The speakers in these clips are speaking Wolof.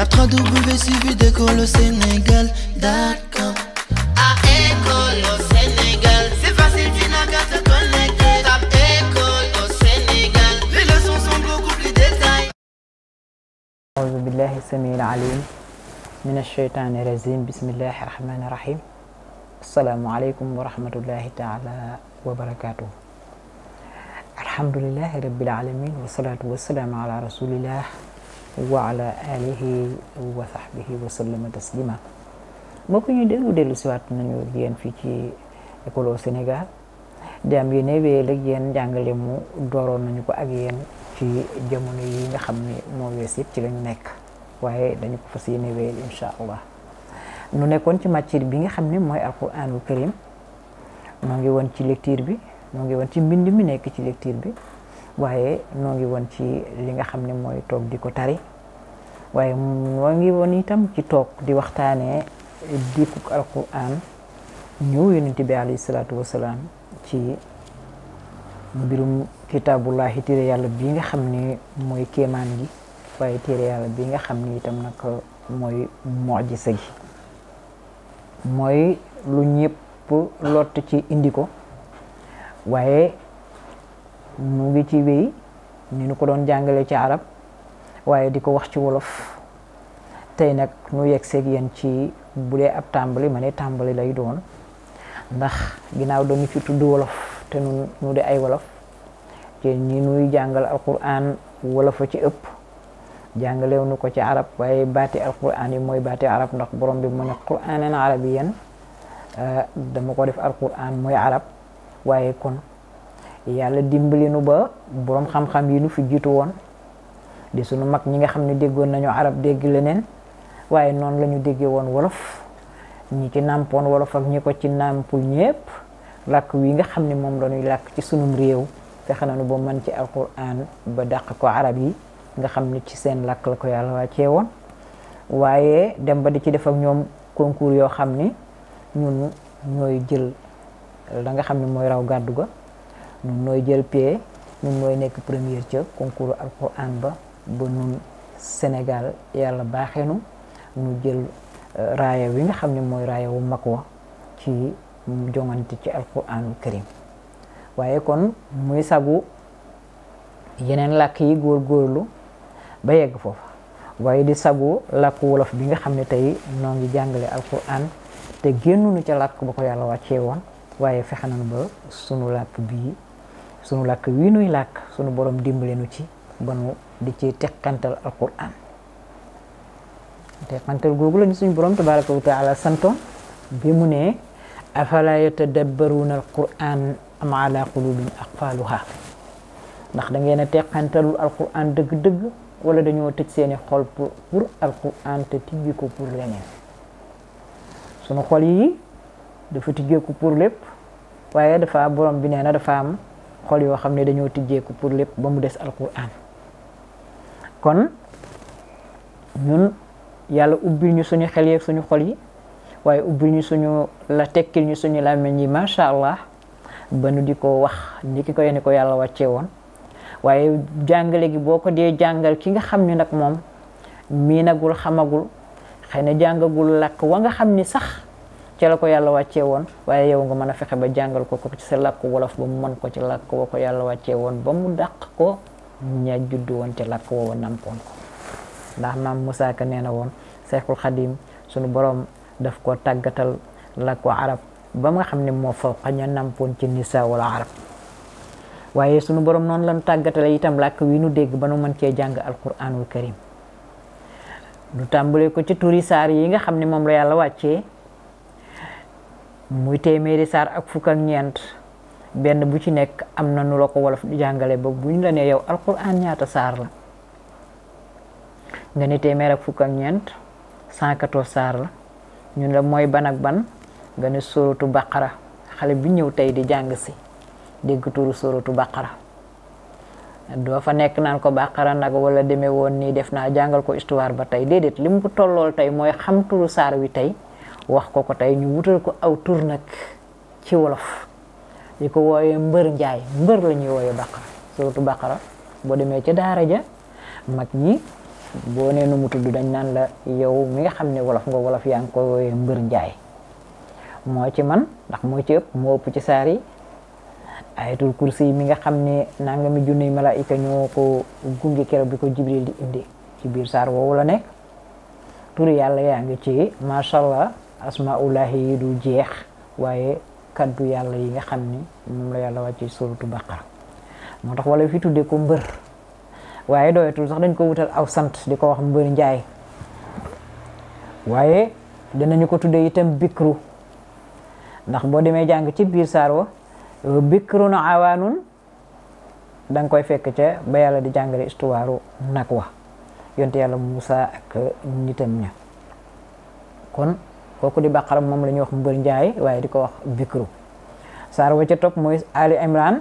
Tapera W d'école au Sénégal D'accord À école e, au Sénégal C'est facile tu n'as qu'à te connecter Tape école au Sénégal Les leçons sont beaucoup plus détaillées أعوذ بالله السميع العليم من الشيطان الرجيم بسم الله الرحمن الرحيم السلام عليكم ورحمة الله waala alihi wa sahbihi wa sallama taslima moo ko ñu dellu dellu siwaat nañu yéen fii ci école au Sénégal jàmm yi ne wéel ak jàngale mu dooroon nañu ko ak yéen ci jamono yi nga xam ni moo wees yëpp ci lañu nekk waaye dañu ko fas yéene wéyal incha allah nu nekkoon ci matière bi nga xam ne mooy alquranul karim moo ngi woon ci lecture bi moo ngi woon ci mbind mi nekk ci lecture bi waaye noo ngi woon ci li nga xam ne mooy toog di ko tari waaye noo ngi woon itam ci toog di waxtaanee dikkuk alquran ñëw yonent bi alayhi salaatu wasalaam ci mbirum kitaabullahi téere yàlla bi nga xam ne mooy kéemaan gi waaye téere yàlla bi nga xam ni itam nag mooy mojisa gi mooy lu ñëpp lott ci indi ko waaye mu ngi ci wéy ni ñu ko doon jàngale ci arab waaye di ko wax ci wolof tey nag nu yegg seeg yéen ci bu dee ab tàmbali ma ne tàmbali lay doon ndax ginnaaw dañu ci tudd wolof te nu nu di ay wolof te ñi nuy jàngal alquran wolof a ci ëpp jàngalew nu ko ci arab waaye baati alquran yi mooy baati arab ndax borom bi mu ne quranan arabiyan dama ko def alquran mooy arab waaye kon yàlla dimbali nu ba boroom xam-xam yi nu fi jiitu woon di sunu mag ñi nga xam ne déggoon nañu arab dégg leneen waaye noonu lañu ñu déggee woon wolof ñi ci nàmpoon wolof ak ñi ko ci nàmpul ñépp làkk wi nga xam ne moom la ñuy làkk ci sunum réew fexe nu ba man ci alquran ba dàq ko arab yi nga xam ne ci seen làkk la ko yàlla wàccee woon waaye dem ba di ci def ak ñoom concours yoo xam ni ñun ñooy jël la xam ne mooy raw gàddu ga ñun nooy jël pied ñun nooy nekk première ca concours alquran ba ba nun Sénégal yàlla baaxeenu nu jël euh, raaya wi nga xam ni mooy raaya wu mag wa ci jongante ci alquranul karim waaye kon muy sagu yeneen làkk yi góor góorlu ba yegg foofu waaye di sagu làkk wolof bi nga xam ne tey noo ngi jàngale alquran te génnuñu ca làkk ba ko yàlla wàccee woon waaye fexe nañu ba sunu làkk bii sunu lakk wi nuy làkk sunu borom dimbale nu ci ba nu di ci teqantal alquran teqantal googu la ñu suñu borom tabaraka wa taala santo bi mu ne afala yatadabbaruuna alquran am ala qulubin aqfaluha ndax da ngeen a teqantalul alquran dëgg-dëgg wala dañoo tëj seeni xol pour pour alquran te tijji ko leneen sunu xol yi dafa tijjeeku pour lépp waaye dafa borom bi nee na dafa am xol yoo xam ne dañoo tijjeeku pour lépp ba mu des alquran kon ñun yàlla ubbil ñu suñu xel yeeg suñu xol yi waaye ubbil suñu la tekkil ñu suñu làmmiñ yi macha allah ba nu di ko wax ni ko yéene ko yàlla wàccee woon waaye jàngale gi boo ko dee jàngal ki nga xam ni nag moom miinagul xamagul xëy na jàngagul làkk wa nga xam ni sax. ci la ko yàlla wàccee woon waaye yow nga mën a fexe ba jàngal ko ko ci sa làkk wolof ba mu mën ko ci lakk woo ko yàlla wàccee woon ba mu dàq ko ña juddu woon ci làkk woowa nampoon ko ndax maam Moussa Ka nee na woon Seexul Xadim sunu boroom daf ko tàggatal lakk làkku arab ba nga xam ne moo fa xañ nampoon ci nisa wala arab waaye sunu borom noonu lañu tàggatale itam lakk wi nu dégg ba nu mën cee jàng alquranul karim lu tàmbalee ko ci turi saar muy téeméeri saar ak fukk ñeent benn bu ci nekk am na nu la ko wolof di jàngale ba bu ñu la nee yow alquran ñaata saar la nga ni téeméer ak fukk ñeent 114 saar la ñun la mooy ban ban nga ne sorotu baqara xale bu ñëw tey di jàng si dégg turu sorotu baqara doo fa nekk naan ko baqara nag wala demee woon nii def naa jàngal ko histoire ba tey déedéet li mu tollool tey mooy xam turu saar wi tey wax ko ko tey ñu wutal ko aw tur nag ci wolof di ko wooyee mbër njaay mbër la ñuy wooyee bàqara surtout bàqara boo demee ca daara ja mag ñi boo nee nu mu tudd dañ naan la yow mi nga xam ne wolof nga wolof yaa ngi ko wooyee mbër njaay moo ci man ndax moo ci ëpp moo ëpp ci saari yi ayatul kursi mi nga xam ne nangami junniy malaayika ñoo ko gunge keroog bi ko jibril di indi ci biir saar woowu la nekk turu yàlla yaa ngi ci macha asmaulahi yi du jeex waaye kaddu yàlla yi nga xam ni moom la yàlla wàcce suratu baqara moo tax wala fi tuddee ko mbër waaye doyatul sax dañ ko wutal aw sant di ko wax mbër njaay waaye dinañu ko tuddee itam bikru ndax boo demee jàng ci biir saar wa na awaanun da nga koy fekk ca ba yàlla di jàngale istuwaaru nag wa yonte yàlla Muusa ak nitam ña kon kooku di baqara moom la ñuy wax mbër njaay waaye di ko wax bikru saar wa ca topp mooy ali imran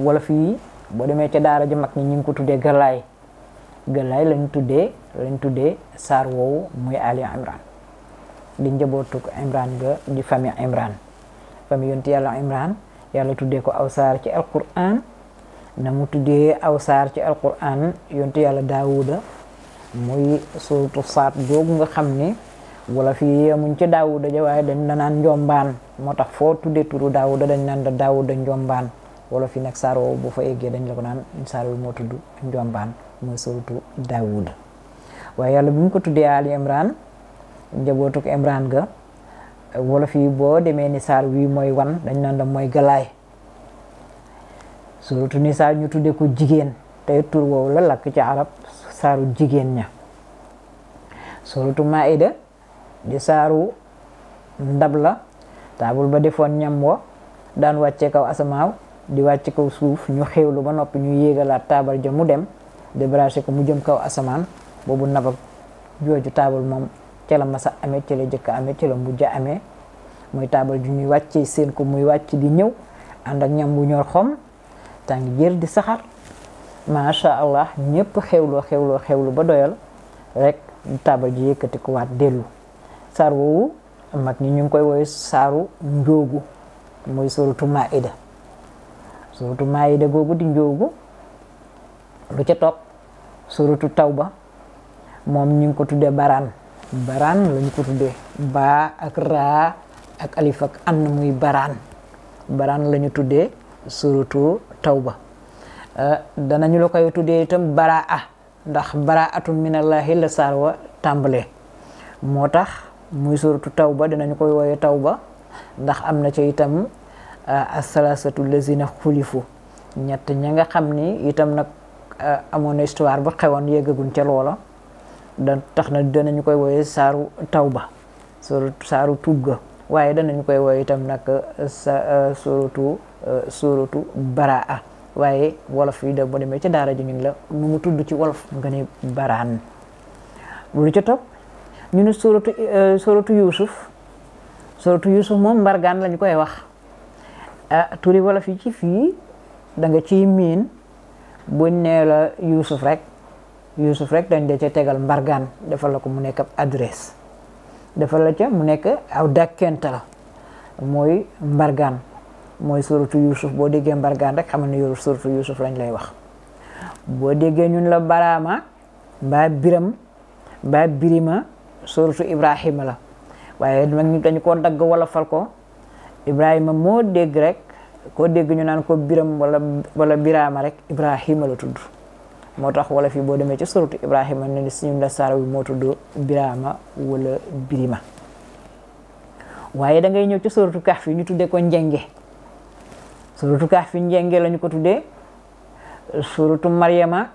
wala fii boo demee ca daara ji mag ñi ñu ngi ko tuddee gëllaay gëllaay lañ tuddee lañ tuddee saar woowu muy ali imran di njabootug imran ga di famille imran famille yonti yàlla imran yàlla tuddee ko aw saar ci alquran na mu tuddee aw saar ci alquran yonti yàlla daawuda muy suratu saat googu nga xam ni wala fii yemuñ ci daawuda ja waaye dañ la naan njombaan moo tax foo tuddee turu daawuda dañ naan da daawuda njombaan wala fi nag saar woowu bu fa eggee dañ la ko naan saar wi moo tudd njombaan mooy suratu yàlla bi ko tuddee Ali njabootuk Imran ga wala fii boo demee ni saar wi mooy wan dañ naan mooy galaay suratu ni ñu tuddee jigéen tey tur woowu la lakk ca arab saaru jigéen ña suratu Maida di saaru ndab la taabul ba defoon ñam wa daan wàccee kaw asamaaw di wàcce kaw suuf ñu xewlu ba noppi ñu yéegalaat taabal ja mu dem débraché ko mu jëm kaw asamaan boobu nabak jooju taabal moom ca la masa amee ca la jëkka amee ca la mujj amee muy taabal ju ñuy wàccee seen ko muy wàcc di ñëw ànd ak ñam bu ñor xom tànk jël di saxar macha allah ñëpp xewloo xewloo xewlu ba doyal rek taabal ji yëkkati ko waat dellu saar woowu mag ñi ñu ngi koy woowee saaru njoogu mooy suratu maida suratu maida googu di njoogu lu ca topp suratu tawba moom ñu ngi ko tuddee baraan baraan la ko tuddee baa ak raa ak alifa ak ann muy baraan baraan la ñu tuddee suratu tawba eh, danañu la koy tuddee itam baraa ndax baraatun minallahi la saar wa tàmbalee moo tax muy suratu tawba dinañu koy wooye tawba ndax am na ca itam euh, asalaasatu lazina xulifu ñett ña nga xam ni itam nag euh, amoon na histoire ba xewoon yeggaguñ ca loola da tax na danañu koy wooye saaru tawba suratu saaru tugga waaye danañu koy wooye itam nag euh, sa suratu suratu baraa waaye wolof yi da boo demee ca daara ji ñu la nu mu tudd ci wolof nga ne baraan lu ca topp ñu ne suratu euh, suratu Yuusuf suratu Yuusuf moom mbargaan lañu koy wax ah turi wala fii ci fii danga nga ciy miin buñ nee la Yuusuf rek Yuusuf rek dañ da ca tegal mbargaan defal la ko mu nekk ab adresse defal la ca mu nekk aw dàkkente mooy mbargaan mooy suratu Yuusuf boo déggee mbargaan rek xam ne yoru suratu Yuusuf lañ lay wax boo déggee ñun la baraama mbaa biram mbaa birima suratu Ibrahima la waaye nag dañu koo dagg wala ko Ibrahima moo dégg rek koo dégg ñu naan ko biram wala wala biraama rek Ibrahima la tudd moo tax wala fii boo demee ci suratu Ibrahima ne ni suñu la saara bi moo tudd biraama wala birima waaye da ñëw ci suratu Kahf ñu tuddee ko njenge suratu Kahf yi njenge la ko tuddee suratu Maryama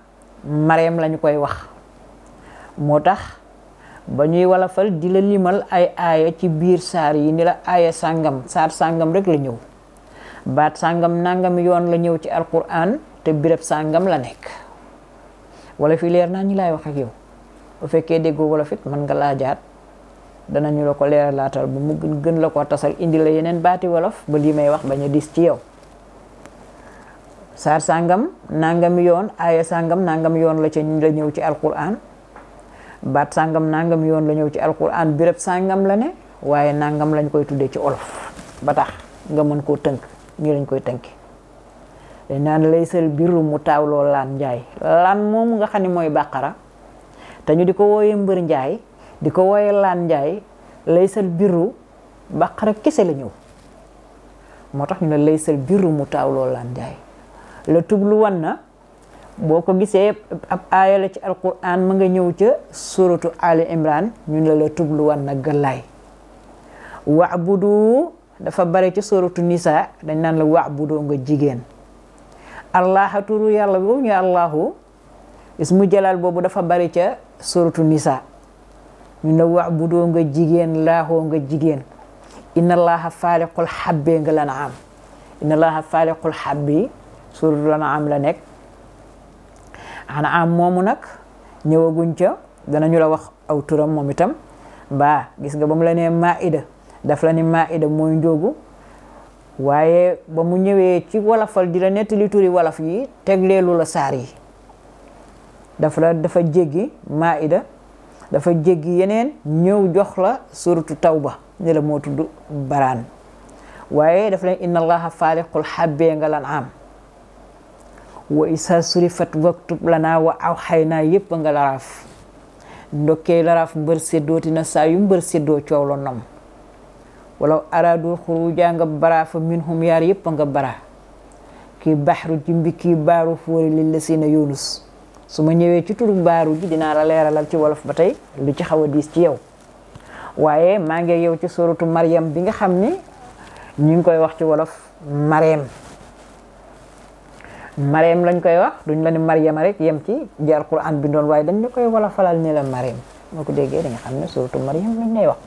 Maryam lañu koy wax moo tax. ba ñuy wolofal di la limal ay aaya ci biir saar yi ni la aaya sàngam saar sàngam rek la ñëw baat sàngam nangam yoon la ñëw ci alquran te birab sàngam la nekk wala leer naa ñu laay wax yow bu fekkee déggoo wala fit mën nga laajaat danañu la ko leer laatal ba mu gën la ko tasal indi la yeneen baati wolof ba lii may wax bañ ñu diis ci yow saar sàngam nangami yoon aaya sàngam nangam yoon la ca la ñëw ci alquran baat sàngam nangam yoon la ñëw ci alquran birab sàngam la ne waaye nangam lañ koy tuddee ci olof ba tax nga mën koo tënk ñi lañ koy tënki dañ naan laysal birru mu taawloo laan njaay laan moom nga xam ne mooy bàqara te ñu di ko wooyee mbër njaay di ko wooyee laan njaay laysal birru bàqara kese la ñëw moo tax ñu ne laysal birru mu taawloo laan njaay la tublu wan na boo ko gisee ab aaya la ci alquran ma nga ñëw ca suratu ali imran ñun la la tubluwan na gëllaay wabudu dafa bare ci suratu nisa dañ naan la wabudu nga jigéen allaha turu yàlla boobu ñu allahu ismu jalal boobu dafa bari ca suratu nisa ñu la wabudu nga jigéen laaxoo nga jigéen inna allaha faaliqul xabbee nga lan am inna allaha faaliqul xabbi suratu lan am la nekk xanaa am moomu nag ñëwaguñ ca danañu la wax aw turam moom itam ba gis nga ba mu la nee maida daf la ni maida mooy njóogu waaye ba mu ñëwee ci wolofal di la nettali turi wolof yi tegleelu la saar yi daf la dafa jéggi maida dafa jéggi yeneen ñëw jox la suratu tawba ne la moo tudd baraan waaye daf leen inna allaha faariqul nga lan am wa surifat waktub lana aw xayna naa yépp nga laraaf ndokkee laraaf mbër séddooti na saa yu mbër séddoo coow la nom wala araadul xuruja nga baraafa minhum yaar yépp nga bara kii baxru jimbi kii baaru fóori lil la si na yunus su ma ñëwee ci turu baaru ji dinaa la leeralal ci wolof ba tey lu ci xaw a diis ci yow waaye maa ngi yow ci sorotu Maryam bi nga xam ni ñu ngi koy wax ci wolof Maryam mareem lañ koy wax duñ la ne mariama rek yem ci jaar quran bi doon waaye dañ la koy wala falal ne la mareem moo ko déggee da nga xam ne suratu mariam lañ lay wax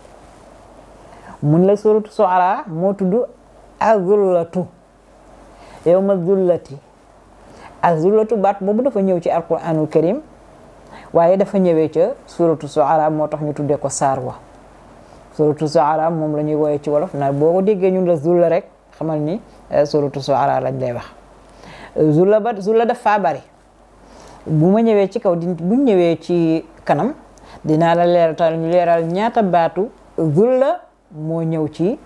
la suratu soara moo tudd azullatu yow ma zullati azullatu baat boobu dafa ñëw ci alquranul karim waaye dafa ñëwee ca suratu soara moo tax ñu tuddee ko saar wa suratu soara moom la ñuy woowee ci wolof naa boo ko déggee ñun la zulla rek xamal ni eh, suratu soara lañ lay wax zula def zula faa bari bu ma ñëwee ci kaw di buñ ñëwee ci kanam dinaa la leeratal ñu leeral ñaata baatu zulla moo ñëw ci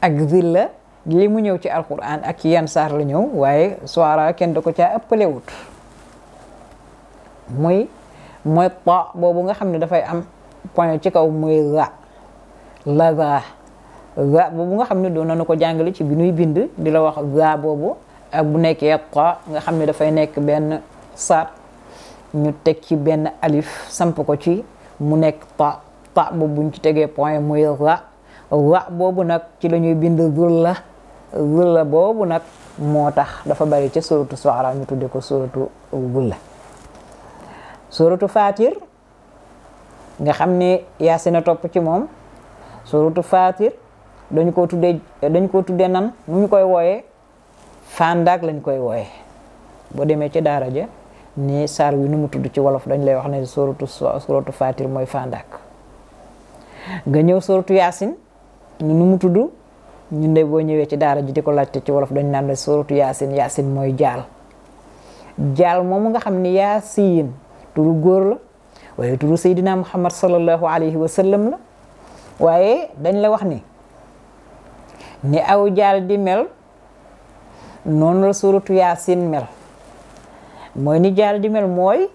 ak zilla li mu ñëw ci alquran ak yan saar la ñëw waaye soara kenn da ko caa ëppalewut muy mooy ta boobu nga xam ne dafay am point ci kaw muy za la za boobu nga xam ne doon na nañu ko jàngale ci bi nuy bind di la wax za boobu ak bu nekkee ta nga xam ne dafay nekk benn saat ñu teg ci benn alif samp ko ci mu nekk ta ta boobu buñ ci tegee point muy ra ra boobu nag ci lañuy ñuy bind zulla zulla boobu nag moo tax dafa bari ca suratu soxra ñu tudde ko suratu fatir nga xam ne yaasina topp ci moom suratu fatir dañu ko tuddee dañu ko tuddee nan nu ñu koy wooyee fandaak lañ koy wooye boo demee ci daara ja ni saar wi nu mu tudd ci wolof dañ lay wax ne sorotu sorotu fatir mooy fandaak nga ñëw sorotu yaasin nu mu tudd ñun de boo ñëwee ci daara ji di ko laajte ci wolof dañ naan ne sorotu yaasin yaasin mooy jaal jaal moomu nga xam ni yaasiin turu góor la waaye turu seydina muhammad sallallahu alayhi wa sallam la waaye dañ la wax ni ni aw jaal di mel noonu la suuratu yaasin mel mooy ni jaal di mel mooy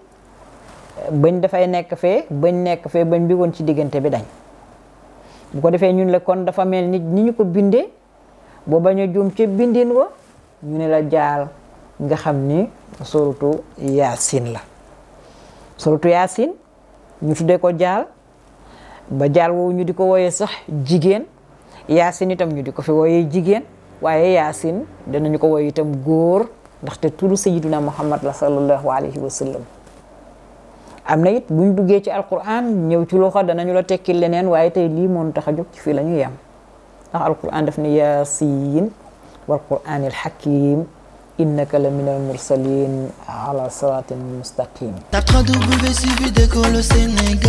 bañ dafay nekk fee bañ nekk fee bañ bi woon ci diggante bi dañ bu ko defee ñun la kon dafa mel nit ni ñu ko bindee boo bañ a juum ca bindin wa ñu ne la jaal nga xam ni suuratu yaasin la suuratu yaasin ñu tuddee ko jaal ba jaal woowu ñu di ko wooyee sax jigéen yaasin itam ñu di ko fi wooyee jigéen waaye yaasin danañu ko woy itam góor ndaxte turu sayiduna muhammad la sallallahu alayhi wa sallam am na it buñ duggee ci alquran ñëw ci loxo danañu la tekki leneen waaye tey lii moom tax a jóg ci fii la yem ndax alquran daf ni yaasiin wal qur'aan il xakiim innaka la minal mursaliin ala siraatin mustaqim www.suvidecolesénégal.com